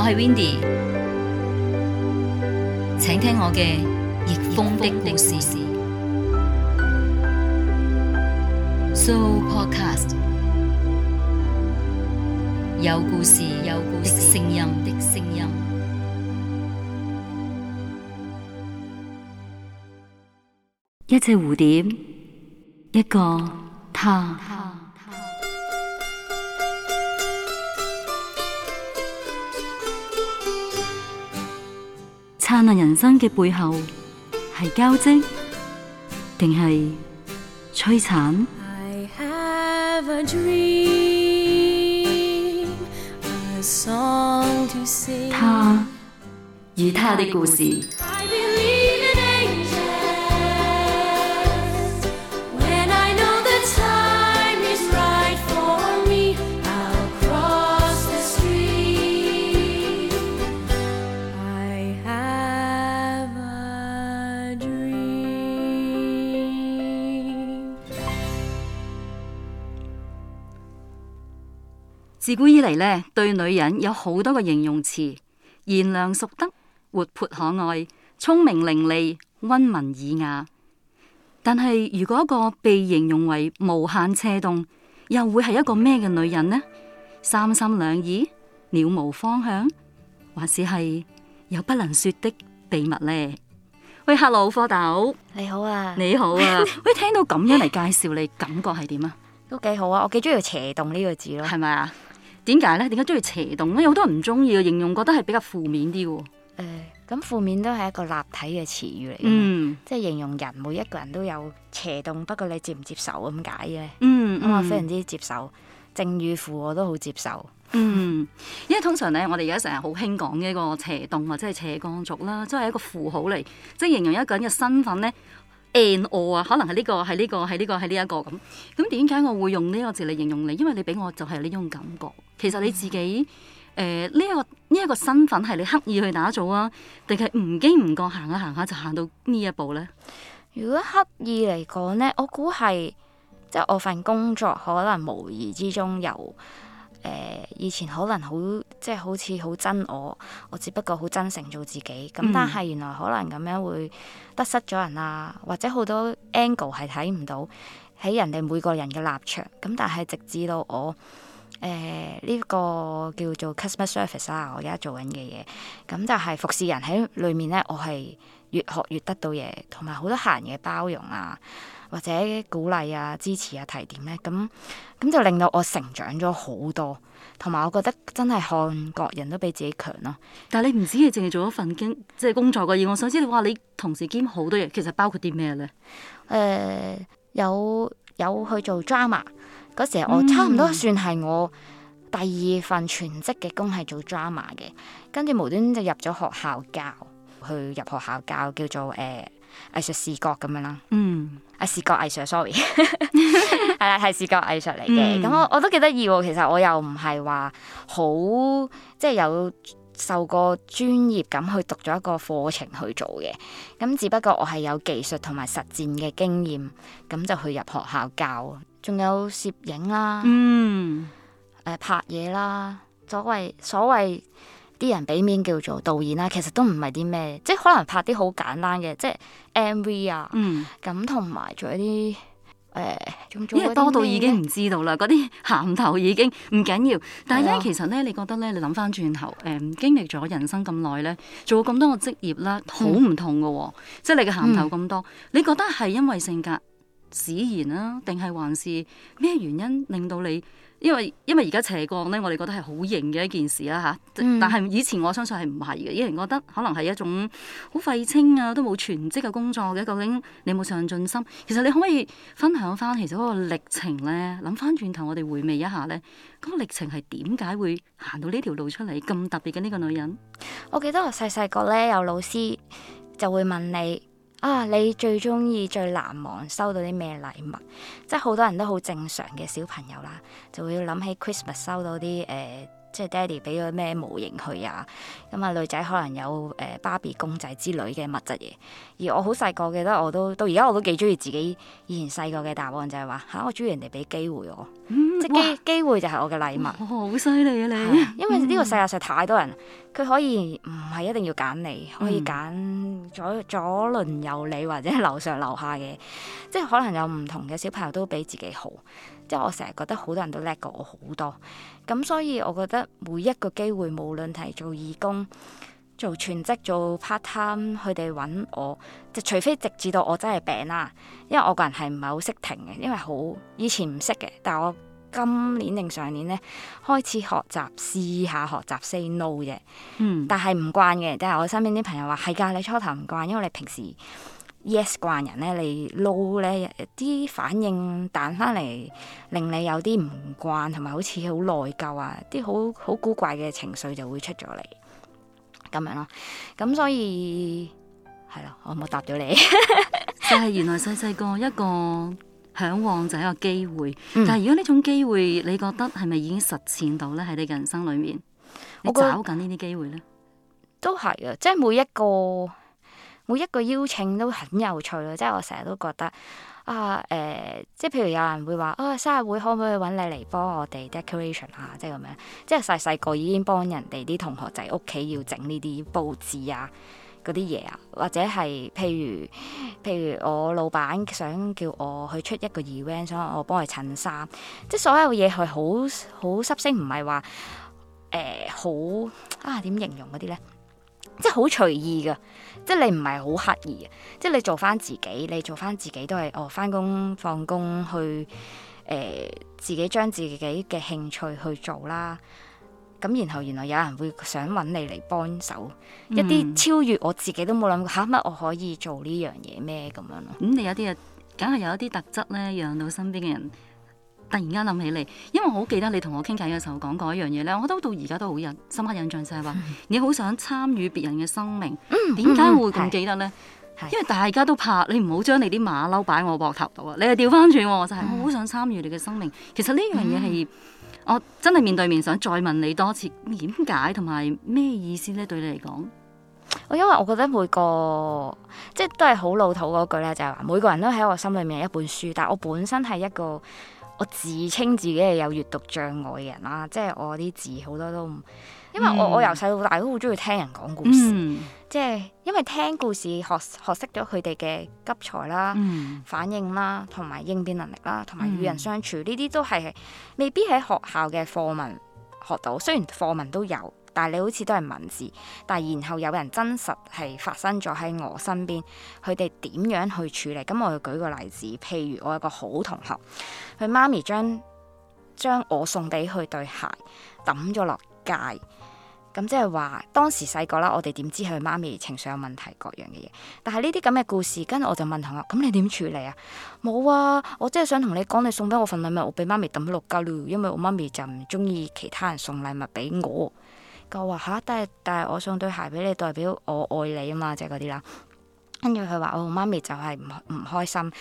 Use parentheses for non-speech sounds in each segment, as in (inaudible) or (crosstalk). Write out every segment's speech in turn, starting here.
我係 Windy，請聽我嘅逆風的故事。So podcast 有故事有故事聲音的聲音，一隻蝴蝶，一個他。燦爛人生嘅背後，係交織，定係摧殘？I have a dream, a song to sing, 他與他的故事。自古以嚟咧，對女人有好多個形容詞，賢良淑德、活潑可愛、聰明伶俐、温文爾雅。但係如果一個被形容為無限斜動，又會係一個咩嘅女人呢？三心兩意、了無方向，還是係有不能說的秘密呢？喂，Hello，科豆，你好啊，你好啊。喂，聽到咁樣嚟介紹你， (laughs) 感覺係點啊？都幾好啊，我幾中意斜動呢個字咯，係咪啊？點解咧？點解中意斜洞咧？有好多人唔中意嘅形容，覺得係比較負面啲嘅。誒、呃，咁負面都係一個立體嘅詞語嚟嘅，嗯、即係形容人每一個人都有斜洞，不過你接唔接受咁解嘅？嗯，咁我非常之接受，正與負我都好接受。嗯，因為通常咧，我哋而家成日好興講呢個斜洞或者係斜光族啦，即係一個符號嚟，即係形容一個人嘅身份咧。a 我啊，all, 可能係呢個係呢個係呢個係呢一個咁，咁點解我會用呢個字嚟形容你？因為你俾我就係呢種感覺。其實你自己誒呢一個呢一個身份係你刻意去打造啊，定係唔經唔覺行下行下就行到呢一步咧？如果刻意嚟講咧，我估係即係我份工作可能無意之中有。誒，以前可能即好即係好似好憎我，我只不過好真誠做自己咁。嗯、但係原來可能咁樣會得失咗人啦，或者好多 angle 係睇唔到喺人哋每個人嘅立場。咁但係直至到我誒呢、呃，呢個叫做 customer service 啦，我而家做緊嘅嘢，咁就係服侍人喺裏面咧，我係越學越得到嘢，同埋好多客人嘅包容啊。或者鼓勵啊、支持啊、提點咧、啊，咁咁就令到我成長咗好多，同埋我覺得真係韓國人都比自己強咯、啊。但係你唔止係淨係做一份兼即係工作嘅嘢，我想知你話你同時兼好多嘢，其實包括啲咩咧？誒、呃，有有去做 drama 嗰時，我差唔多算係我第二份全職嘅工係做 drama 嘅，跟住、嗯、無端端就入咗學校教，去入學校教叫做誒、呃、藝術視覺咁樣啦。嗯。視覺藝術，sorry，係 (laughs) 啦，係視覺藝術嚟嘅。咁、嗯、我我都幾得意喎。其實我又唔係話好即係有受過專業咁去讀咗一個課程去做嘅。咁只不過我係有技術同埋實戰嘅經驗，咁就去入學校教，仲有攝影啦，嗯，誒、呃、拍嘢啦，所謂所謂。啲人俾面叫做導演啦，其實都唔係啲咩，即係可能拍啲好簡單嘅，即係 MV 啊，咁同埋做一啲誒、呃，做唔多到已經唔知道啦。嗰啲銜頭已經唔緊要，但係咧，了其實咧，你覺得咧，你諗翻轉頭，誒、呃，經歷咗人生咁耐咧，做咁多個職業啦，好唔、嗯、同噶、哦，即係你嘅銜頭咁多，嗯、你覺得係因為性格使然啦、啊，定係還是咩原因令到你？因為因為而家斜槓咧，我哋覺得係好型嘅一件事啊嚇！但係以前我相信係唔係嘅，因為覺得可能係一種好廢青啊，都冇全職嘅工作嘅。究竟你冇上進心？其實你可唔可以分享翻其實嗰個歷程咧？諗翻轉頭，我哋回味一下咧，咁、嗰個、歷程係點解會行到呢條路出嚟咁特別嘅呢個女人？我記得我細細個咧，有老師就會問你。啊！你最中意最難忘收到啲咩禮物？即係好多人都好正常嘅小朋友啦，就會諗起 Christmas 收到啲誒。呃即係爹哋俾咗咩模型佢啊，咁啊女仔可能有誒芭比公仔之類嘅物質嘢，而我好細個嘅，記得我都到而家我都幾中意自己以前細個嘅答案就係話吓，我中意人哋俾機會我，嗯、即係機機會就係我嘅禮物。哇哇好犀利啊你！嗎嗯、因為呢個世界上太多人，佢可以唔係一定要揀你，可以揀左左鄰右里或者樓上樓下嘅，嗯、即係可能有唔同嘅小朋友都比自己好，即係我成日覺得好多人都叻過我好多。咁所以，我覺得每一個機會，無論係做義工、做全職、做 part time，佢哋揾我，就除非直至到我真係病啦。因為我個人係唔係好識停嘅，因為好以前唔識嘅，但我今年定上年呢，開始學習試下學習 say no 啫。嗯，但係唔慣嘅，即係我身邊啲朋友話係㗎，你初頭唔慣，因為你平時。yes 慣人咧，你撈咧啲反應彈翻嚟，令你有啲唔慣，同埋好似好內疚啊！啲好好古怪嘅情緒就會出咗嚟，咁樣咯。咁所以係咯，我冇答咗你。 (laughs) 就係原來細細個一個嚮往就係一個機會，嗯、但係如果呢種機會你覺得係咪已經實踐到咧？喺你嘅人生裡面，我搞緊呢啲機會咧？都係啊，即係每一個。每一個邀請都很有趣咯，即係我成日都覺得啊，誒、呃，即係譬如有人會話啊，生日會可唔可以揾你嚟幫我哋 decoration 啊？即係咁樣，即係細細個已經幫人哋啲同學仔屋企要整呢啲佈置啊，嗰啲嘢啊，或者係譬如譬如我老闆想叫我去出一個 event，想我幫佢襯衫，即係所有嘢係好好濕星，唔係話誒好啊點形容嗰啲咧，即係好隨意噶。即係你唔係好刻意啊！即係你做翻自己，你做翻自己都係哦，翻工放工去誒、呃，自己將自己嘅興趣去做啦。咁然後原來有人會想揾你嚟幫手，一啲超越我自己都冇諗過吓，乜、啊、我可以做呢樣嘢咩？咁樣咯。咁、嗯、你有啲啊，梗係有一啲特質咧，讓到身邊嘅人突然間諗起你，因為我好記得你同我傾偈嘅時候講過一樣嘢咧，我覺得到而家都好印深刻印象，就係話你好想參與別人嘅生命，點解、嗯、會咁記得呢？嗯嗯、因為大家都怕你唔好將你啲馬騮擺喺我膊頭度啊！你係調翻轉喎，就係、是、我好想參與你嘅生命。其實呢樣嘢係我真係面對面想再問你多次，點解同埋咩意思呢？對你嚟講，因為我覺得每個即係都係好老土嗰句咧，就係、是、話每個人都喺我心裏面有一本書，但我本身係一個。我自稱自己係有閱讀障礙嘅人啦，即係我啲字好多都，唔，因為我、嗯、我由細到大都好中意聽人講故事，嗯、即係因為聽故事學學識咗佢哋嘅急才啦、嗯、反應啦、同埋應變能力啦，同埋與人相處呢啲都係未必喺學校嘅課文學到，雖然課文都有。但係你好似都係文字，但係然後有人真實係發生咗喺我身邊，佢哋點樣去處理？咁我舉個例子，譬如我有個好同學，佢媽咪將將我送俾佢對鞋抌咗落街，咁即係話當時細個啦，我哋點知佢媽咪情緒有問題各樣嘅嘢？但係呢啲咁嘅故事，跟住我就問同學，咁你點處理啊？冇啊，我真係想同你講，你送俾我份禮物，我俾媽咪抌咗落街，因為我媽咪就唔中意其他人送禮物俾我。佢話嚇，但係，但係。我送對鞋俾你，代表我愛你啊嘛，即係嗰啲啦。跟住佢話：我媽咪就係唔唔開心，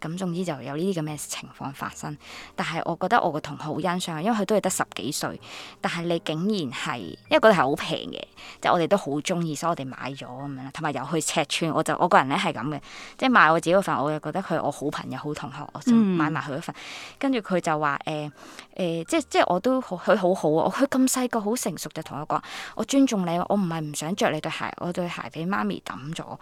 咁總之就有呢啲咁嘅情況發生。但係我覺得我個同學好欣賞，因為佢都係得十幾歲。但係你竟然係，因為嗰度係好平嘅，即係我哋都好中意，所以我哋買咗咁樣啦。同埋又去赤川，我就我個人咧係咁嘅，即係買我自己嗰份，我又覺得佢係我好朋友、好同學，我就買埋佢一份。跟住佢就話：誒誒，即係即係我都佢好好啊！佢咁細個好成熟，就同我講：我尊重你，我唔係唔想着你對鞋，我對鞋俾媽咪揼咗。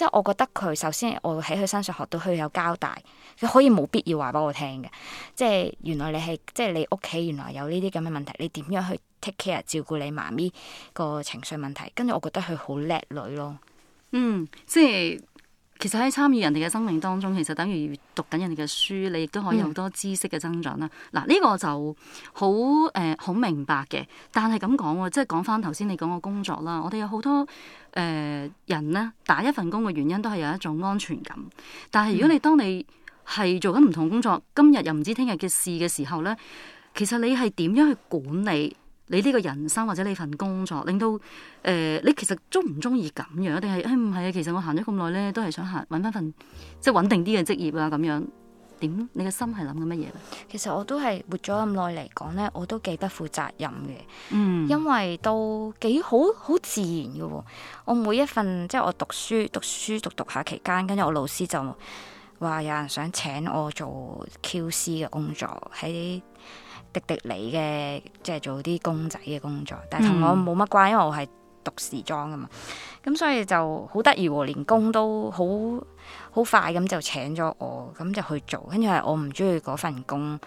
即係我覺得佢，首先我喺佢身上學到佢有交代，佢可以冇必要話俾我聽嘅。即係原來你係即係你屋企原來有呢啲咁嘅問題，你點樣去 take care 照顧你媽咪個情緒問題？跟住我覺得佢好叻女咯。嗯，即係。其實喺參與人哋嘅生命當中，其實等於讀緊人哋嘅書，你亦都可以有好多知識嘅增長啦。嗱，呢個就好誒，好、呃、明白嘅。但係咁講，即係講翻頭先你講個工作啦，我哋有好多誒、呃、人呢打一份工嘅原因都係有一種安全感。但係如果你當你係做緊唔同工作，今日又唔知聽日嘅事嘅時候呢，其實你係點樣去管理？你呢個人生或者你份工作，令到誒、呃、你其實鍾唔鍾意咁樣？定係誒唔係啊？其實我行咗咁耐咧，都係想行揾翻份即係穩定啲嘅職業啊咁樣。點？你嘅心係諗緊乜嘢？其實我都係活咗咁耐嚟講咧，我都幾不負責任嘅。嗯，因為都幾好好自然嘅喎、哦。我每一份即係我讀書、讀書、讀讀下期間，跟住我老師就話有人想請我做 QC 嘅工作喺。滴滴你嘅，即係做啲公仔嘅工作，但係同我冇乜關，因為我係讀時裝嘅嘛，咁所以就好得意喎，連工都好好快咁就請咗我，咁就去做，跟住係我唔中意嗰份工，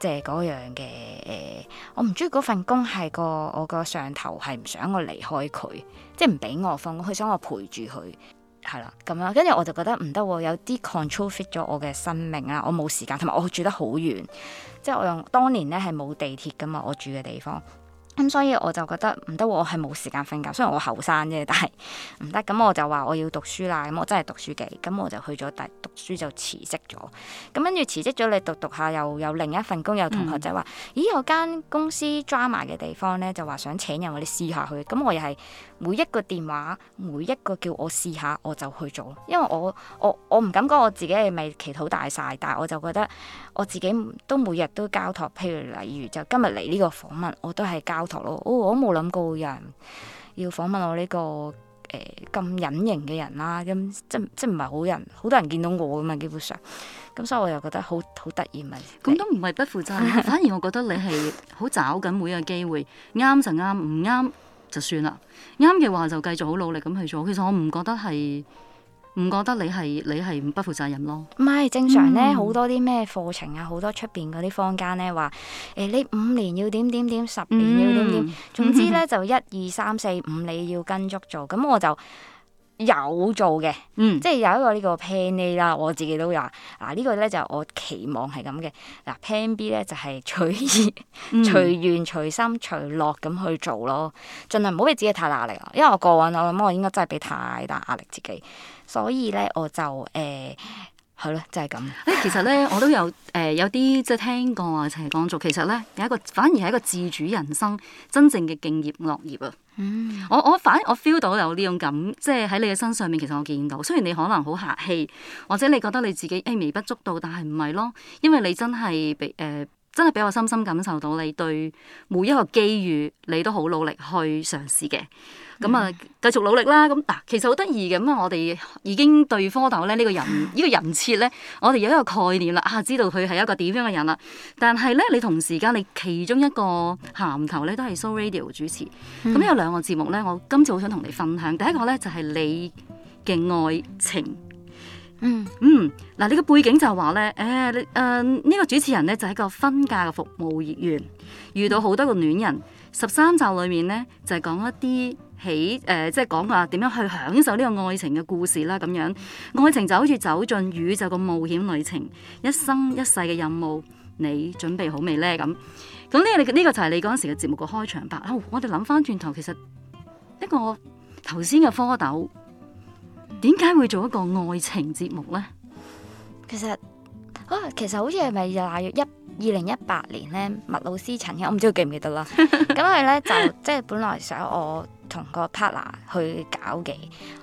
即係嗰樣嘅誒、呃，我唔中意嗰份工係個我個上頭係唔想我離開佢，即係唔俾我放工，佢想我陪住佢。係啦，咁樣跟住我就覺得唔得喎，有啲 control fit 咗我嘅生命喇，我冇時間，同埋我住得好遠，即係我用當年咧係冇地鐵㗎嘛，我住嘅地方。咁、嗯、所以我就覺得唔得，我係冇時間瞓覺。雖然我後生啫，但係唔得。咁我就話我要讀書啦。咁我真係讀書嘅，咁我就去咗但讀書就辭職咗。咁跟住辭職咗，你讀讀下，又有另一份工。有同學就話：嗯、咦，有間公司抓埋嘅地方咧，就話想請人，我哋試下去。咁我又係每一個電話，每一個叫我試下，我就去做。因為我我我唔敢講我自己係咪祈禱大晒，但係我就覺得。我自己都每日都交託，譬如例如就今日嚟呢個訪問，我都係交託咯。我我冇諗過有人要訪問我呢個誒，咁隱形嘅人啦。咁即即唔係好人，好多人見到我噶嘛，基本上。咁所以我又覺得好好得意咪。咁都唔係不負責，反而我覺得你係好找緊每一個機會，啱就啱，唔啱就算啦。啱嘅話就繼續好努力咁去做。其實我唔覺得係。唔覺得你係你係不負責任咯？唔係正常咧，好多啲咩課程啊，好多出邊嗰啲坊間咧話誒，你五年要點點點，十年要點點，嗯、總之咧就一二三四五你要跟足做。咁我就有做嘅，嗯、即係有一個呢個 plan A 啦，我自己都有嗱、啊這個、呢個咧就係、我期望係咁嘅嗱 plan B 咧就係、係、隨意、嗯、隨願隨心隨樂咁去做咯，盡量唔好俾自己太大壓力。啊，因為我過往，我諗我應該真係俾太大壓力自己。所以咧，我就誒，係、欸、咯，就係、是、咁。誒，其實咧，我都有誒、呃，有啲即係聽過啊，陳綱做其實咧，有一個反而係一個自主人生，真正嘅敬業樂業啊、嗯。我反我反我 feel 到有呢種感，即係喺你嘅身上面，其實我見到。雖然你可能好客氣，或者你覺得你自己誒、哎、微不足道，但係唔係咯？因為你真係俾誒，真係俾我深深感受到你對每一個機遇，你都好努力去嘗試嘅。咁啊，嗯、繼續努力啦！咁嗱，其實好得意嘅咁啊，我哋已經對 Foster 咧呢個人呢、呢個人設咧，我哋有一個概念啦，啊，知道佢係一個點樣嘅人啦。但係咧，你同時間你其中一個銜頭咧都係 So Radio 主持，咁、嗯、有兩個節目咧。我今次好想同你分享第一個咧就係、是、你嘅愛情，嗯嗯嗱。你嘅背景就話咧，誒誒呢個主持人咧就係、是、一個婚嫁嘅服務業員，遇到好多個戀人。十三集裏面咧就係、是、講一啲。起誒、呃，即係講下點樣去享受呢個愛情嘅故事啦？咁樣愛情就好似走進宇宙個冒險旅程，一生一世嘅任務，你準備好未呢？咁咁呢？呢、呢個呢個就係你嗰陣時嘅節目嘅開場白、呃。我哋諗翻轉頭，其實一個頭先嘅蝌蚪點解會做一個愛情節目呢？其實啊，其實好似係咪又例如一？二零一八年咧，麥老師曾經，我唔知佢記唔記得啦。咁佢咧就即係本來想我同個 partner 去搞嘅，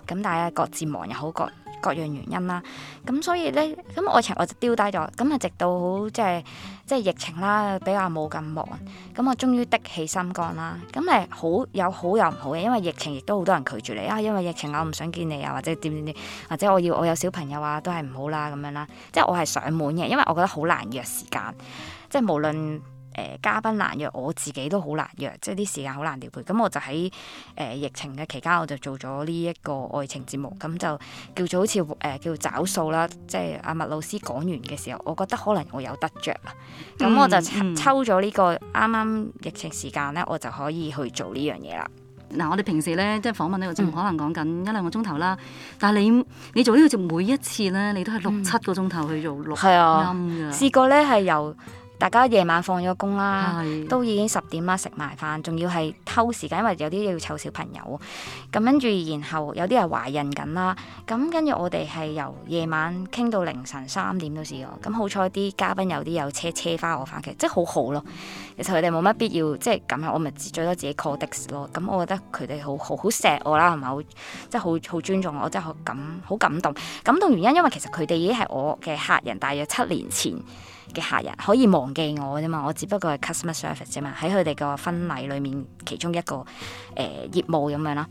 咁但係各自忙又好各各樣原因啦，咁所以呢，咁愛情我就丟低咗，咁啊直到好即係即係疫情啦，比較冇咁忙，咁我終於的起心肝啦，咁誒好有好有唔好嘅，因為疫情亦都好多人拒絕你啊，因為疫情我唔想見你啊，或者點點點，或者我要我有小朋友啊，都係唔好啦咁樣啦，即係我係上門嘅，因為我覺得好難約時間，即係無論。誒、呃、嘉賓難約，我自己都好難約，即係啲時間好難調配。咁我就喺誒疫情嘅期間，我就做咗呢一個愛情節目，咁就叫做好似誒、呃、叫找數啦。即係阿麥老師講完嘅時候，我覺得可能我有得着。啊、嗯。咁我就、嗯、抽咗呢、這個啱啱疫情時間咧，我就可以去做呢樣嘢啦。嗱、嗯，我哋平時咧即係訪問呢個節目，可能講緊一兩個鐘頭啦。但係你你做呢個節目，每一次咧你都係六七個鐘頭去做錄音㗎、嗯嗯啊。試過咧係由。大家夜晚放咗工啦，是都已經十點啦，食埋飯，仲要係偷時間，因為有啲要湊小朋友。咁跟住，然後有啲係懷孕緊啦。咁跟住，我哋係由夜晚傾到凌晨三點都試過。咁好彩啲嘉賓有啲有車車翻我翻嘅，即係好好咯。其實佢哋冇乜必要即係咁樣，我咪最多自己 call 的士咯。咁我覺得佢哋好好好錫我啦，係咪好即係好好尊重我，真，真係好感好感動。感動原因，因為其實佢哋已經係我嘅客人，大約七年前。嘅客人可以忘記我啫嘛，我只不過係 customer service 啫嘛，喺佢哋個婚禮裏面其中一個誒、呃、業務咁樣啦，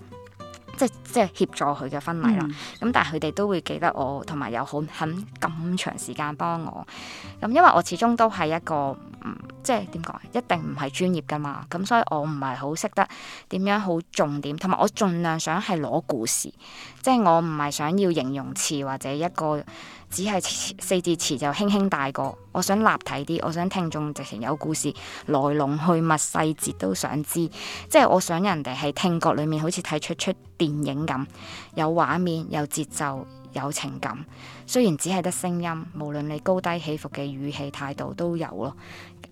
即係即係協助佢嘅婚禮啦。咁、嗯、但係佢哋都會記得我，同埋有好肯咁長時間幫我。咁因為我始終都係一個。即係點講，一定唔係專業噶嘛，咁所以我唔係好識得點樣好重點，同埋我盡量想係攞故事，即係我唔係想要形容詞或者一個只係四字詞就輕輕帶過，我想立體啲，我想聽眾直情有故事，來龍去脈細節都想知，即係我想人哋係聽覺裏面好似睇出出電影咁，有畫面、有節奏、有情感，雖然只係得聲音，無論你高低起伏嘅語氣態度都有咯。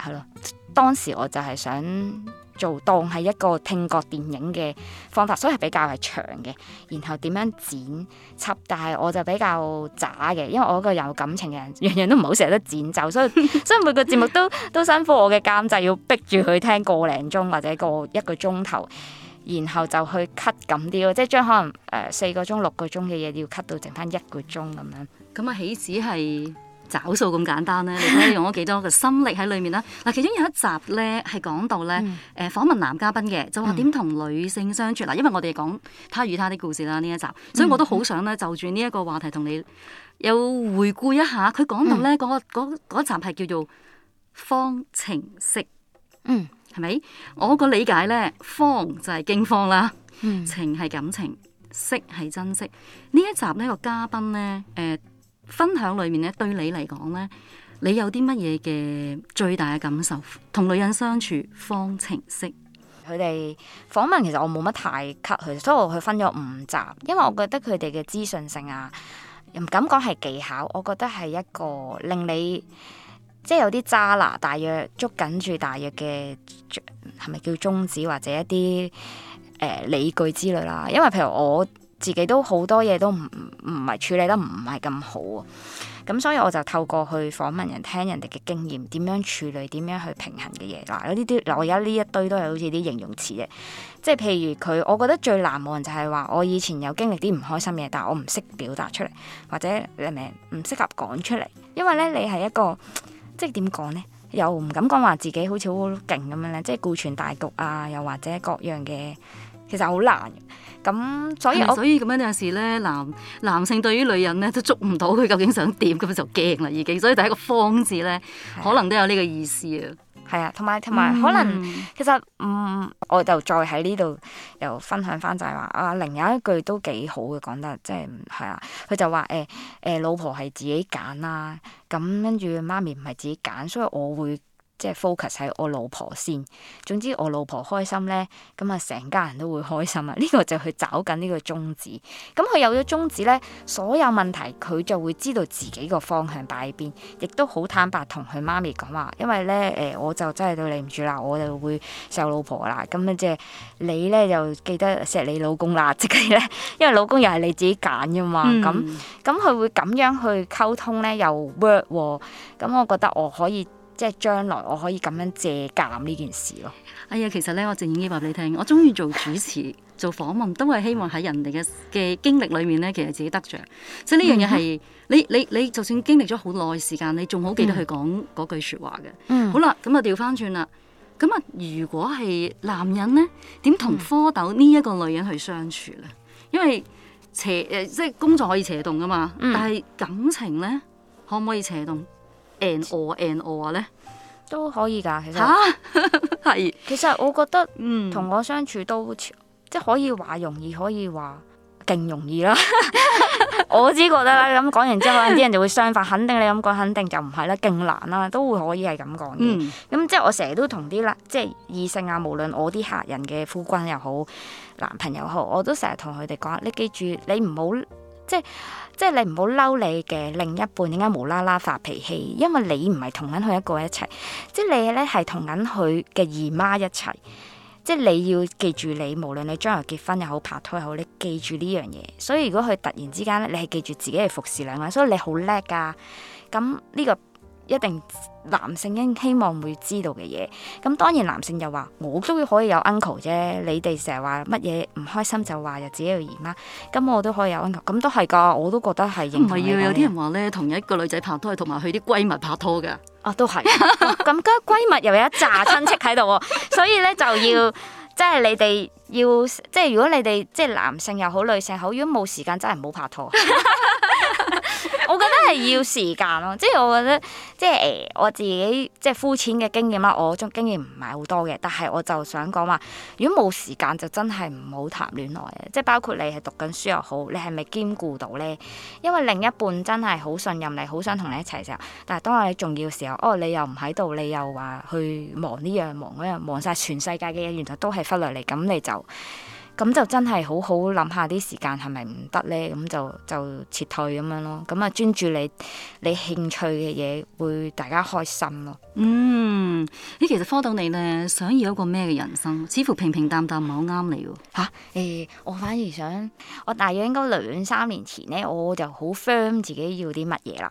係咯， (noise) 當時我就係想做當係一個聽覺電影嘅方法，所以係比較係長嘅。然後點樣剪輯，但係我就比較渣嘅，因為我個有感情嘅人，樣樣都唔好成日都剪走，所以所以每個節目都都辛苦我嘅監製要逼住佢聽個零鐘或者個一個鐘頭，然後就去 cut 咁啲咯，即係將可能誒四個鐘六個鐘嘅嘢要 cut 到剩翻一個鐘咁樣。咁啊，豈止係。嗯找數咁簡單咧，你睇你用咗幾多個心力喺裏面咧？嗱，其中有一集咧係講到咧，誒訪問男嘉賓嘅，就話點同女性相處嗱。因為我哋講他與她的故事啦，呢一集，所以我都好想咧就住呢一個話題同你又回顧一下。佢講到咧嗰個嗰嗰集係叫做方情色，嗯，係咪？我個理解咧，方就係驚慌啦，情係感情，色係珍惜。呢一集呢，個嘉賓咧，誒。分享裏面咧，對你嚟講咧，你有啲乜嘢嘅最大嘅感受？同女人相處，方程式。佢哋訪問，其實我冇乜太 cut 佢，所以我佢分咗五集，因為我覺得佢哋嘅資訊性啊，唔敢講係技巧，我覺得係一個令你即係有啲揸拿，大約捉緊住大約嘅，係咪叫宗旨或者一啲誒、呃、理據之類啦？因為譬如我。自己都好多嘢都唔唔唔係處理得唔係咁好喎，咁所以我就透過去訪問人，聽人哋嘅經驗，點樣處理，點樣去平衡嘅嘢。嗱、啊，呢啲，我而家呢一堆都係好似啲形容詞嘅，即係譬如佢，我覺得最難忘就係話我以前有經歷啲唔開心嘅，但係我唔識表達出嚟，或者誒唔適合講出嚟，因為咧你係一個即係點講呢？又唔敢講話自己好似好勁咁樣咧，即係顧全大局啊，又或者各樣嘅。其實好難嘅，咁所以所以咁樣有時咧，男男性對於女人咧都捉唔到佢究竟想點，咁就驚啦已經。所以第一個方字咧，的可能都有呢個意思啊。係啊，同埋同埋可能、嗯、其實嗯，我就再喺呢度又分享返就係話啊，另有一句都幾好嘅講得，即係係啊，佢就話誒誒老婆係自己揀啦，咁跟住媽咪唔係自己揀，所以我會。即係 focus 喺我老婆先，總之我老婆開心咧，咁啊成家人都會開心啊！呢個就去找緊呢個宗旨。咁佢有咗宗旨咧，所有問題佢就會知道自己個方向擺喺邊，亦都好坦白同佢媽咪講話。因為咧，誒我就真係對你唔住啦，我就會錫老婆啦。咁啊即係你咧就記得錫你老公啦，即係咧，因為老公又係你自己揀噶嘛。咁咁佢會咁樣去溝通咧，又 work 喎。咁我覺得我可以。即係將來我可以咁樣借鑒呢件事咯。哎呀，其實咧，我鄭燕基話俾你聽，我中意做主持、做訪問，都係希望喺人哋嘅嘅經歷裏面咧，其實自己得着。即係呢樣嘢係你、你、你，你就算經歷咗好耐時間，你仲好記得佢講嗰句說話嘅。嗯、好啦，咁啊調翻轉啦。咁啊、嗯，如果係男人咧，點同蝌蚪呢一個女人去相處咧？因為斜誒、呃，即係工作可以扯動噶嘛，嗯、但係感情咧，可唔可以扯動？and or and or 咧都可以噶，其實係蛤。 (laughs) 是其實我覺得，嗯，同我相處都、嗯、即係可以話容易，可以話勁容易啦。 (laughs) 我只覺得啦，咁講 (laughs) 完之後，啲人就會相反。肯定你咁講，肯定就唔係啦，勁難啦，都會可以係咁講嘅。咁、嗯、即係我成日都同啲即係異性啊，無論我啲客人嘅夫君又好，男朋友好，我都成日同佢哋講，你記住，你唔好即係。即係你唔好嬲，你嘅另一半，點解無啦啦發脾氣？因為你唔係同緊佢一個一齊，即係你咧係同緊佢嘅姨媽一齊。即係你要記住你，無論你無論你將來結婚又好，拍拖又好，你記住呢樣嘢。所以如果佢突然之間咧，你係記住自己係服侍兩個人，所以你好叻噶。咁呢個。一定男性應希望會知道嘅嘢，咁當然男性又話我，我都可以有 uncle 啫。你哋成日話乜嘢唔開心就話自己有姨媽，咁我都可以有 uncle，咁都係㗎，我都覺得係。唔係要有啲人話咧，同一個女仔拍拖，係同埋佢啲閨蜜拍拖㗎。啊，都係，咁家、那個、閨蜜又有一紮親戚喺度， (laughs) 所以咧就要，即係你哋要，即係如果你哋即係男性又好，女性好，如果冇時間真係唔好拍拖。 (laughs) 我覺得係要時間咯，啊，即係我覺得即係誒我自己即係膚淺嘅經驗啦，我中經驗唔係好多嘅，但係我就想講話，如果冇時間就真係唔好談戀愛啊！即係包括你係讀緊書又好，你係咪兼顧到咧？因為另一半真係好信任你，好想同你一齊嘅時候，但係當你重要嘅時候，哦，你又唔喺度，你又話去忙呢樣忙嗰樣，忙晒全世界嘅嘢，原來都係忽略你，咁你就～咁就真係好好諗下啲時間係咪唔得咧，咁就就撤退咁樣咯。咁啊專注你你興趣嘅嘢，會大家開心咯。嗯，誒，其實科到你咧，想要一個咩嘅人生？似乎平平淡淡唔係好啱你喎、啊。吓、啊，誒、欸，我反而想，我大約應該兩三年前咧，我就好 firm 自己要啲乜嘢啦。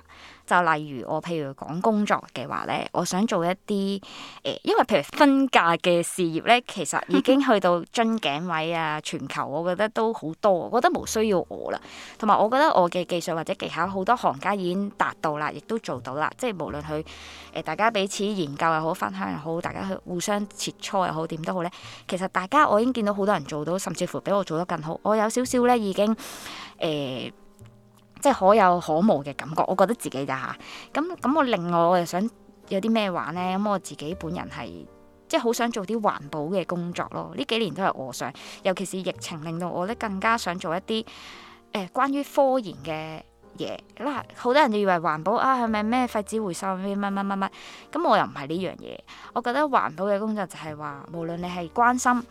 就例如我，譬如講工作嘅話咧，我想做一啲誒、欸，因為譬如婚嫁嘅事業咧，其實已經去到樽頸位啊，全球我覺得都好多，我覺得冇需要我啦。同埋，我覺得我嘅技術或者技巧，好多行家已經達到啦，亦都做到啦。即係無論佢誒，大家彼此研究又好，分享又好，大家去互相切磋又好，點都好咧。其實大家我已經見到好多人做到，甚至乎比我做得更好。我有少少咧，已經誒。欸即係可有可無嘅感覺，我覺得自己咋嚇？咁咁，我另外我又想有啲咩玩咧？咁我自己本人係即係好想做啲環保嘅工作咯。呢幾年都係我想，尤其是疫情令到我咧更加想做一啲誒、呃、關於科研嘅嘢啦。好多人就以為環保啊係咪咩廢紙回收咩乜乜乜乜咁，我又唔係呢樣嘢。我覺得環保嘅工作就係話，無論你係關心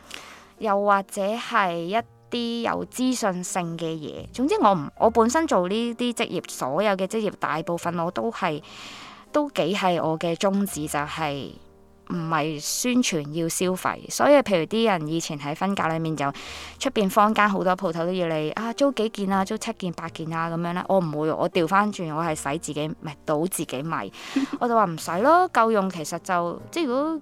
又或者係一。啲有資訊性嘅嘢，總之我唔，我本身做呢啲職業，所有嘅職業大部分我都係都幾係我嘅宗旨，就係唔係宣傳要消費。所以譬如啲人以前喺婚嫁裏面就出面坊間好多鋪頭都要你啊租幾件啊，租七件八件啊咁樣咧，我唔會，我掉返轉，我係使自己咪係倒自己米， (laughs) 我就話唔使咯，夠用其實就即係如果。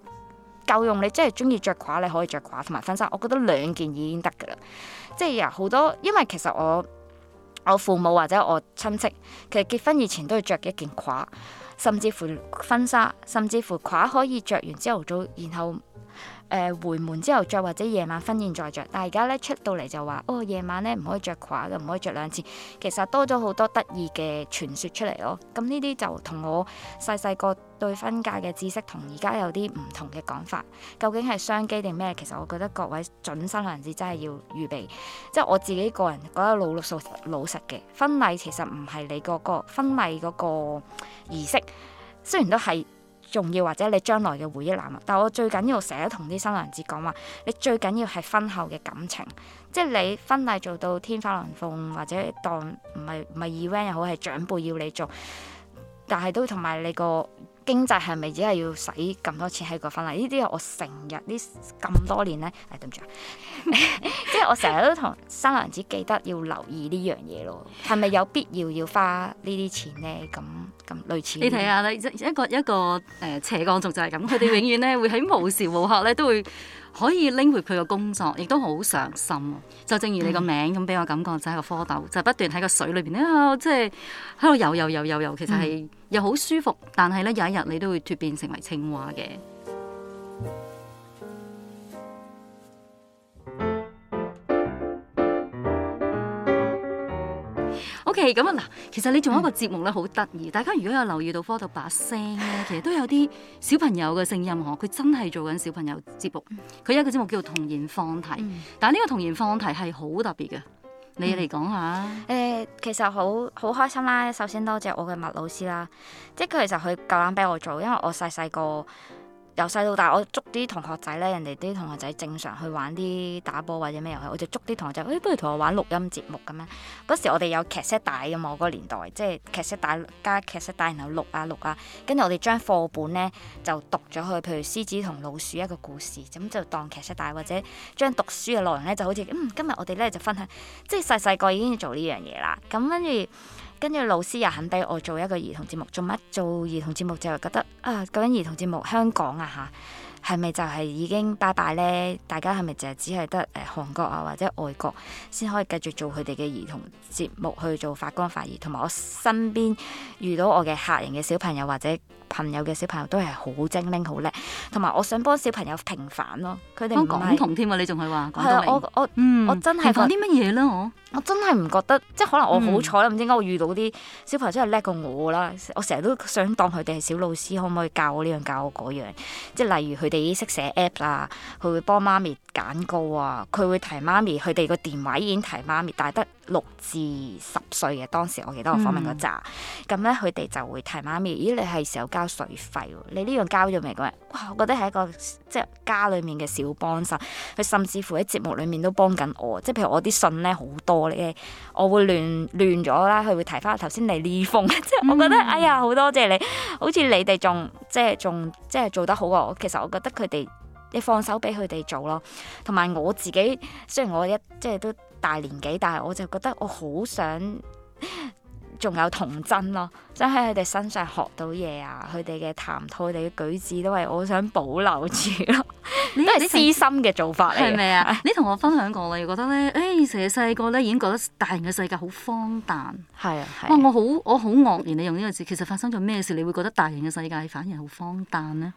夠用，你真係中意着褂，你可以着褂同埋婚紗，我覺得兩件已經得㗎喇。即係好多，因為其實我我父母或者我親戚，其實結婚以前都要着一件褂，甚至乎婚紗，甚至乎褂可以着完之後做，然後。誒回門之後再或者夜晚婚宴再着。但係而家咧出到嚟就話哦，夜晚咧唔可以着褂嘅，唔可以着兩次。其實多咗好多得意嘅傳説出嚟咯。咁呢啲就同我細細個對婚嫁嘅知識同而家有啲唔同嘅講法。究竟係商機定咩？其實我覺得各位準新娘子真係要預備。即係我自己個人覺得老老實老實嘅婚禮其實唔係你嗰、嗰個、嗰個、婚禮嗰個儀式，雖然都係。重要或者你將來嘅回憶難，但我最緊要成日同啲新娘子講，話，你最緊要係婚後嘅感情，即係你婚禮做到天花龍鳳，或者當唔係唔係 event 又好，係長輩要你做，但係都同埋你個。經濟係咪只係要使咁多錢喺個婚禮？呢啲係我成日呢咁多年咧，誒、哎、對唔住啊，即 (laughs) 係 (laughs) 我成日都同新娘子記得要留意呢樣嘢咯。係咪有必要要花呢啲錢咧？咁咁類似，你睇下，你一個一個誒、呃、斜槓族就係咁，佢哋永遠咧會喺無時無刻咧都會。 (laughs) 可以拎回佢嘅工作，亦都好上心。就正如你個名咁，俾、mm. 我感覺，就係、是、個蝌蚪，就是、不斷喺個水裏邊，咧、啊，即係喺度游游游游游，其實係又好舒服。但係咧，有一日你都會蛻變成為青蛙嘅。咁啊，嗱，okay, 其實你做一個節目咧，好得意。大家如果有留意到科度把聲咧，其實都有啲小朋友嘅聲音呵，佢真係做緊小朋友節目。佢、嗯、有一個節目叫童言放題，嗯、但係呢個童言放題係好特別嘅。你嚟講下。誒、嗯呃，其實好好開心啦。首先多謝我嘅麥老師啦，即係佢其實佢夠膽俾我做，因為我細細個。由細到大，我捉啲同學仔咧，人哋啲同學仔正常去玩啲打波或者咩遊戲，我就捉啲同學仔，誒、哎，不如同我玩錄音節目咁樣。嗰時我哋有劇色帶嘅嘛，嗰個年代，即係劇色帶加劇色帶，然後錄啊錄啊，跟住我哋將課本咧就讀咗去，譬如獅子同老鼠一個故事，咁就當劇色帶或者將讀書嘅內容咧就好似，嗯，今日我哋咧就分享，即係細細個已經做呢樣嘢啦，咁跟住。跟住老師又肯俾我做一個兒童節目，做乜？做兒童節目就覺得啊，究竟兒童節目香港啊嚇。係咪就係已經拜拜咧？大家係咪淨係只係得誒韓國啊或者外國先可以繼續做佢哋嘅兒童節目去做發光發熱？同埋我身邊遇到我嘅客人嘅小朋友或者朋友嘅小朋友都係好精靈好叻，同埋我想幫小朋友平反咯。佢哋唔同添啊！你仲係話係我我、嗯、我真係平反啲乜嘢咯？我真係唔覺得，即係可能我好彩啦，唔、嗯、知點解我遇到啲小朋友真係叻過我啦。我成日都想當佢哋係小老師，可唔可以教我呢樣教我嗰樣，樣？即係例如佢哋。佢識寫 app 啦、啊，佢會幫媽咪揀歌啊，佢會提媽咪，佢哋個電話已經提媽咪，但係得六至十歲嘅，當時我記得我訪問嗰扎，咁咧佢哋就會提媽咪，咦你係時候交水費喎，你呢樣交咗未？哇我覺得係一個即係家裏面嘅小幫手，佢甚至乎喺節目裏面都幫緊我，即係譬如我啲信咧好多咧，我會亂亂咗啦，佢會提返頭先你呢封，即係我覺得、嗯、哎呀好多謝你，好似你哋仲即係仲即係做得好過我，其實我覺得。得佢哋，你放手俾佢哋做咯。同埋我自己，雖然我一即係都大年紀，但係我就覺得我好想仲有童真咯。即係喺佢哋身上學到嘢啊，佢哋嘅談吐、佢哋嘅舉止，都係我想保留住咯。你都係私心嘅做法嚟，係咪啊？ (laughs) 你同我分享過啦，又覺得咧，誒、哎，成日細個咧已經覺得大人嘅世界好荒誕。係啊，係啊、啊啊！我好我好愕然，你用呢個字，其實發生咗咩事，你會覺得大人嘅世界反而好荒誕咧？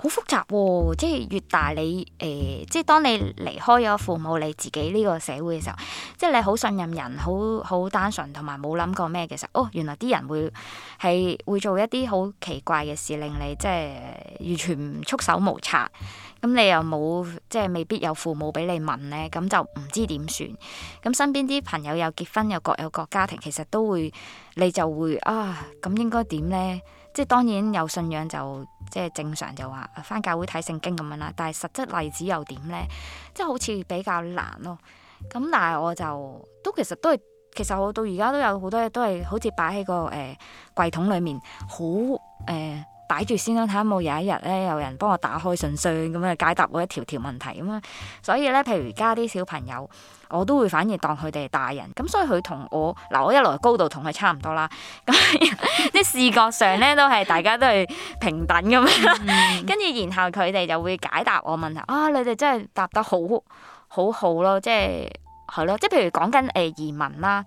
好複雜喎、哦，即係越大你誒、呃，即係當你離開咗父母，你自己呢個社會嘅時候，即係你好信任人，好好單純，同埋冇諗過咩嘅時候，哦，原來啲人會係會做一啲好奇怪嘅事，令你，即係完全束手無策。咁你又冇，即係未必有父母俾你問咧，咁就唔知點算。咁身邊啲朋友又結婚，又各有各家庭，其實都會，你就會啊，咁應該點咧？即係當然有信仰就即係正，正常就話返教會睇聖經咁樣啦，但係實質例子又點咧？即係好似比較難咯。咁但係我就都其實都係其實我到而家都有多都好多嘢都係好似擺喺個誒櫃、呃、桶裡面，好誒。呃擺住先啦，睇下有冇有一日咧有人幫我打開信箱咁樣解答我一條條問題咁樣。所以咧，譬如而家啲小朋友，我都會反而當佢哋係大人。咁所以佢同我嗱，我一來高度同佢差唔多啦，咁啲 (laughs) (laughs) 視覺上咧都係大家都係平等咁樣。跟住、 (laughs) 嗯、然後佢哋就會解答我問題。啊，你哋真係答得好好好咯，即係係咯，即係譬如講緊誒移民啦。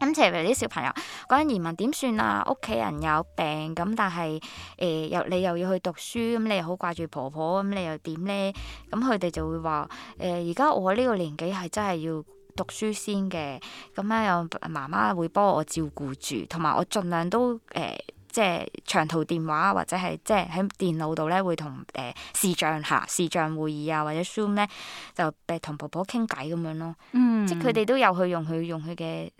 咁譬如啲小朋友講移民點算啊？屋企人有病咁，但係誒又你又要去讀書，咁你又好掛住婆婆，咁你又點咧？咁佢哋就會話誒，呃、而家我呢個年紀係真係要讀書先嘅，咁咧有媽媽會幫我照顧住，同埋我盡量都誒，呃即係長途電話啊，或者係即係喺電腦度咧，會同誒視像下視像會議啊，或者 Zoom 咧，就同婆婆傾偈咁樣咯。嗯，即係佢哋都有去用佢用佢嘅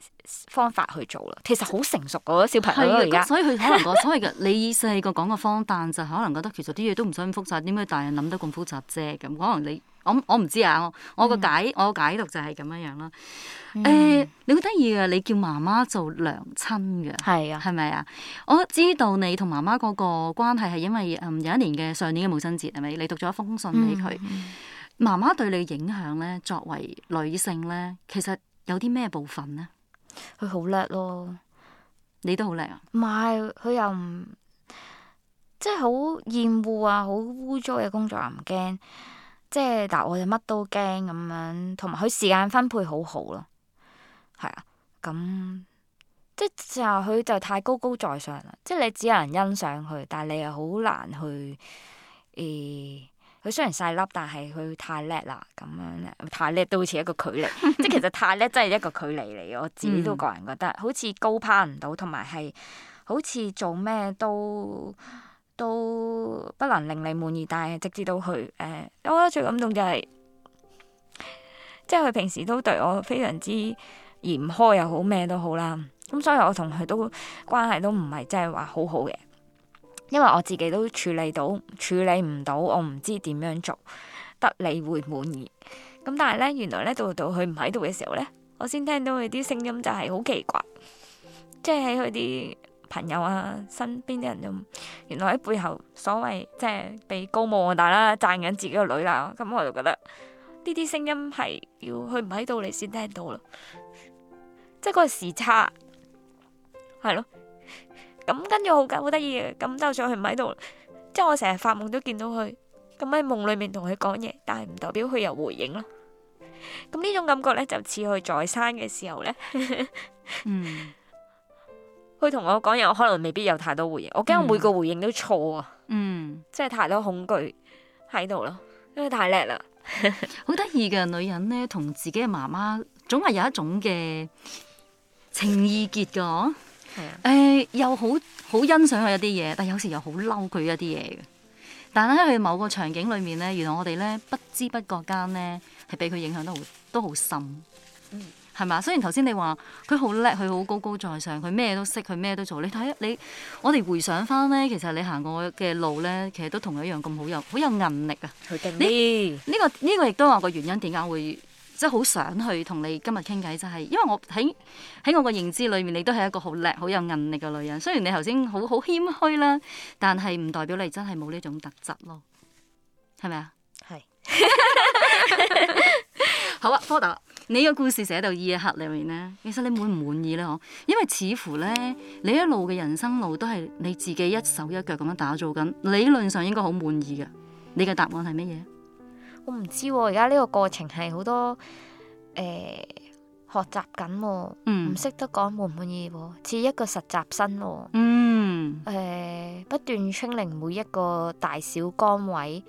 方法去做啦。其實好成熟嗰小朋友而家。所以佢可能所個所謂嘅你細個講嘅荒誕 (laughs) 就可能覺得其實啲嘢都唔使咁複雜，點解大人諗得咁複雜啫？咁可能你。我我唔知啊，我我個解、嗯、我解讀就係咁樣樣咯。誒、嗯欸，你好得意啊！你叫媽媽做娘親嘅，係啊的，係咪啊？我知道你同媽媽嗰個關係係因為誒、嗯、有一年嘅上年嘅母親節，係咪？你讀咗一封信俾佢，嗯、媽媽對你嘅影響咧，作為女性咧，其實有啲咩部分咧？佢好叻咯，你都好叻啊！唔係，佢又唔即係好厭惡啊，好污糟嘅工作啊，唔驚。即係，但係我哋乜都驚咁樣，同埋佢時間分配好好咯，係啊，咁即係就佢就太高高在上啦，即係你只能欣賞佢，但係你又好難去誒，佢，呃，雖然細粒，但係佢太叻啦，咁樣呢太叻都好似一個距離， (laughs) 即係其實太叻真係一個距離嚟。我自己都個人覺得 (laughs) 好似高攀唔到，同埋係好似做咩都。都不能令你滿意，但係直至到佢，誒、呃，我覺得最感動就係，即係佢平時都對我非常之嚴苛又好咩都好啦。咁所以我同佢都關係都唔係真係話好好嘅，因為我自己都處理到處理唔到，我唔知點樣做，得你會滿意。咁但係咧，原來咧到到佢唔喺度嘅時候咧，我先聽到佢啲聲音就係好奇怪，即係喺佢啲。朋友啊，身邊啲人就原來喺背後所謂即係被高望大啦，讚緊自己個女啦。咁我就覺得呢啲聲音係要佢唔喺度你先聽到啦，即係嗰個時差係咯。咁跟住好緊好得意嘅，咁之後上去唔喺度，即係我成日發夢都見到佢，咁喺夢裏面同佢講嘢，但係唔代表佢又回應咯。咁呢種感覺咧，就似佢在生嘅時候咧。嗯。佢同我講嘢，我可能未必有太多回應，我驚每個回應都錯啊，嗯，即係太多恐懼喺度咯，因為太叻啦，好得意嘅女人咧，同自己嘅媽媽總係有一種嘅情意結噶，係啊、嗯，誒、呃，又好好欣賞佢一啲嘢，但有時又好嬲佢一啲嘢嘅，但喺佢某個場景裏面咧，原來我哋咧不知不覺間咧係俾佢影響都好都好深，嗯。係嘛？雖然頭先你話佢好叻，佢好高高在上，佢咩都識，佢咩都做。你睇下你，我哋回想翻咧，其實你行過嘅路咧，其實都同佢一樣咁好有好有韌力啊！呢、呢個呢、呢個亦都係個原因，點解會即係好想去同你今日傾偈？就係、是、因為我喺喺我個認知裏面，你都係一個好叻、好有韌力嘅女人。雖然你頭先好好謙虛啦，但係唔代表你真係冇呢種特質咯。係咪啊？係是。 (laughs) (laughs) 好啊，科打。你個故事寫到呢一刻裏面咧，其實你滿唔滿意咧？嗬，因為似乎咧，你一路嘅人生路都係你自己一手一腳咁樣打造緊，理論上應該好滿意噶。你嘅答案係乜嘢？我唔知，啊，而家呢個過程係好多誒、呃、學習緊，啊，唔識、嗯、得講滿唔滿意，啊，似一個實習生，啊。嗯。誒、呃，不斷清零每一個大小崗位。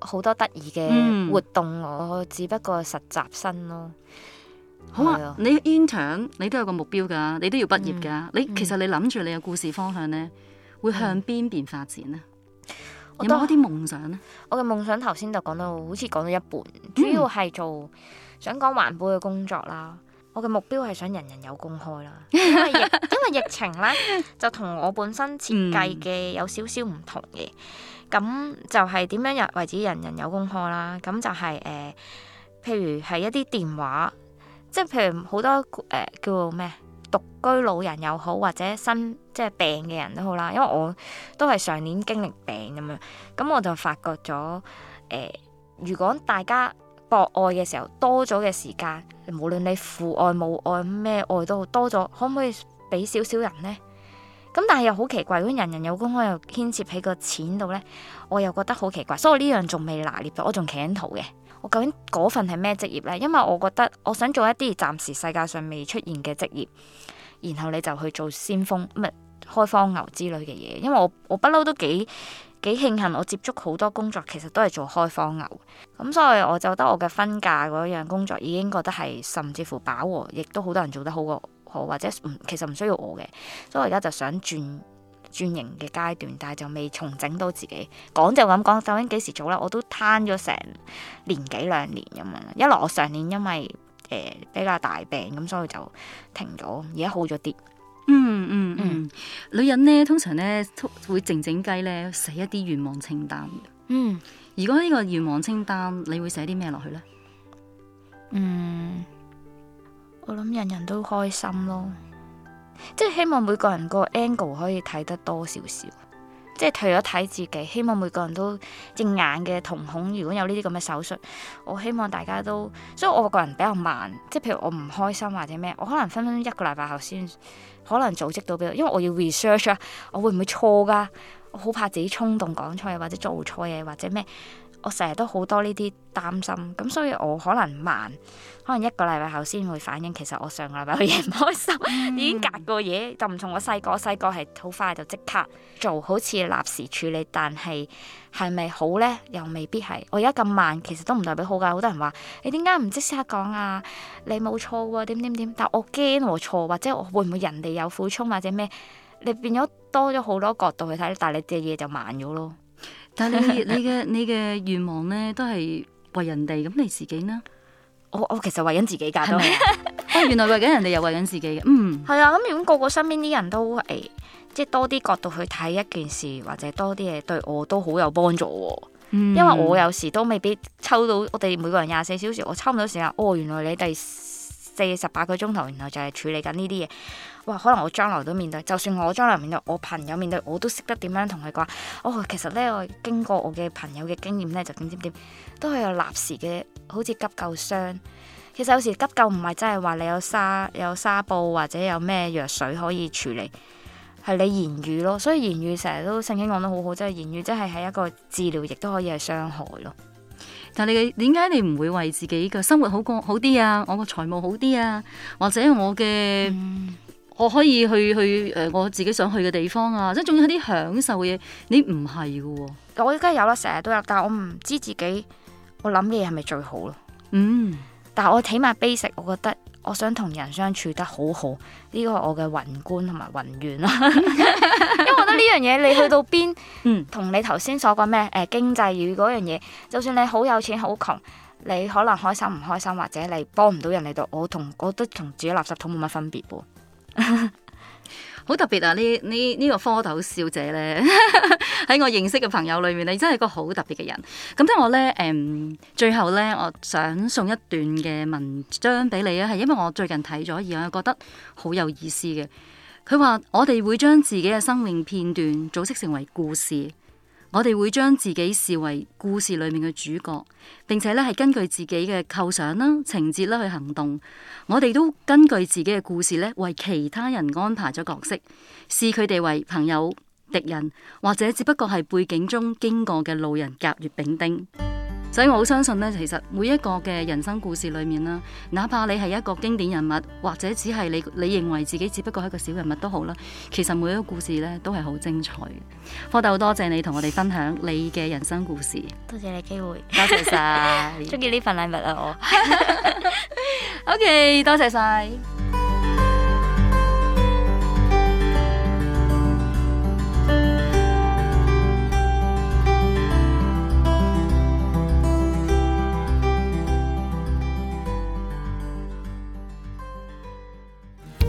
好多得意嘅活動，我只不過實習生咯。好啊，哎、呀你 intern 你都有個目標噶，你都要畢業噶。嗯、你其實你諗住你嘅故事方向咧，會向邊邊發展咧？有冇啲夢想咧？我嘅夢想頭先就講到好似講到一半，主要係做想講環保嘅工作啦。嗯、我嘅目標係想人人有公開啦， (laughs) 因為因為疫情咧就同我本身設計嘅有少少唔同嘅。咁就係點樣人為止人人有公開啦。咁就係、是、誒、呃，譬如係一啲電話，即係譬如好多誒、呃、叫做咩獨居老人又好，或者身即係病嘅人都好啦。因為我都係上年經歷病咁樣，咁我就發覺咗誒、呃，如果大家博愛嘅時候多咗嘅時間，無論你父愛母愛咩愛都好多咗，可唔可以俾少少人呢？咁但係又好奇怪，咁人人有工開又牽涉喺個錢度咧，我又覺得好奇怪，所以我呢樣仲未拿捏到，我仲企緊途嘅。我究竟嗰份係咩職業咧？因為我覺得我想做一啲暫時世界上未出現嘅職業，然後你就去做先鋒，唔係開荒牛之類嘅嘢。因為我我不嬲都幾幾慶幸，我接觸好多工作其實都係做開荒牛。咁所以我就覺得我嘅婚嫁嗰樣工作已經覺得係甚至乎飽和，亦都好多人做得好過。好或者唔，其實唔需要我嘅，所以我而家就想轉轉型嘅階段，但係就未重整到自己。講就咁講，究竟幾時做啦？我都攤咗成年幾兩年咁樣啦。一來我上年因為誒、呃、比較大病，咁所以就停咗，而家好咗啲，嗯。嗯嗯嗯，嗯女人咧通常咧會靜靜雞咧寫一啲願望清單嘅。嗯，如果呢個願望清單你會寫啲咩落去咧？嗯。我諗人人都開心咯，即係希望每個人個 angle 可以睇得多少少，即係除咗睇自己，希望每個人都隻眼嘅瞳孔如果有呢啲咁嘅手術，我希望大家都，所以我個人比較慢，即係譬如我唔開心或者咩，我可能分分鐘一個禮拜後先可能組織到俾，因為我要 research 啊，我會唔會錯㗎？我好怕自己衝動講錯嘢或者做錯嘢或者咩。我成日都好多呢啲擔心，咁所以我可能慢，可能一個禮拜後先會反應。其實我上個禮拜嘅嘢唔開心， (laughs) 已經隔個嘢就唔同。我細個細個係好快就即刻做好似立時處理，但係係咪好咧？又未必係。我而家咁慢，其實都唔代表好㗎。好多人話：你點解唔即刻講啊？你冇錯喎、啊，點點點。但我驚我錯，或者我會唔會人哋有苦衷，或者咩？你變咗多咗好多角度去睇，但係你嘅嘢就慢咗咯。但係你嘅你嘅願望咧，都係為人哋咁，你自己呢？我我其實為緊自己㗎，都係 (laughs) 哦，原來為緊人哋又為緊自己嘅，嗯。係啊，咁如果個個身邊啲人都誒、欸，即係多啲角度去睇一件事，或者多啲嘢，對我都好有幫助。哦。嗯，因為我有時都未必抽到，我哋每個人廿四小時，我抽唔到時間。哦，原來你第四十八個鐘頭，然後就係處理緊呢啲嘢。哇！可能我將來都面對，就算我將來面對，我朋友面對，我都識得點樣同佢講。哦，其實咧，我經過我嘅朋友嘅經驗咧，就點點點都係有立時嘅，好似急救箱。其實有時急救唔係真係話你有紗有紗布或者有咩藥水可以處理，係你言語咯。所以言語成日都聖經講得好好，即係言語即係係一個治療，亦都可以係傷害咯。但係你點解你唔會為自己嘅生活好過好啲啊？我個財務好啲啊？或者我嘅？嗯我可以去去誒我自己想去嘅地方啊，即仲有啲享受嘅嘢，你唔係嘅喎。我依家有啦，成日都有，但係我唔知自己我諗嘅嘢係咪最好咯。嗯，但係我起碼 basic，我覺得我想同人相處得好好，呢個係我嘅宏觀同埋宏願咯。 (laughs) (laughs) 因為我覺得呢樣嘢你去到邊，同你頭先所講咩誒經濟嗰樣嘢，就算你好有錢好窮，你可能開心唔開心，或者你幫唔到人嚟到，我同我覺得同自己垃圾桶冇乜分別噃。好 (laughs) 特別啊！呢呢呢個蝌蚪小姐呢，喺 (laughs) 我認識嘅朋友裏面，你真係個好特別嘅人。咁咧，我呢，誒，最後呢，我想送一段嘅文章俾你啊，係因為我最近睇咗而我又覺得好有意思嘅。佢話我哋會將自己嘅生命片段組織成為故事。我哋會將自己視為故事裏面嘅主角，並且咧係根據自己嘅構想啦、情節啦去行動。我哋都根據自己嘅故事咧，為其他人安排咗角色，視佢哋為朋友、敵人，或者只不過係背景中經過嘅路人甲、乙、丙、丁。所以我好相信咧，其實每一個嘅人生故事裏面啦，哪怕你係一個經典人物，或者只係你你認為自己只不過係一個小人物都好啦，其實每一個故事咧都係好精彩。科好多謝你同我哋分享你嘅人生故事，多謝你機會，多謝晒！中意呢份禮物啊我。 (laughs) (laughs) OK，多謝晒！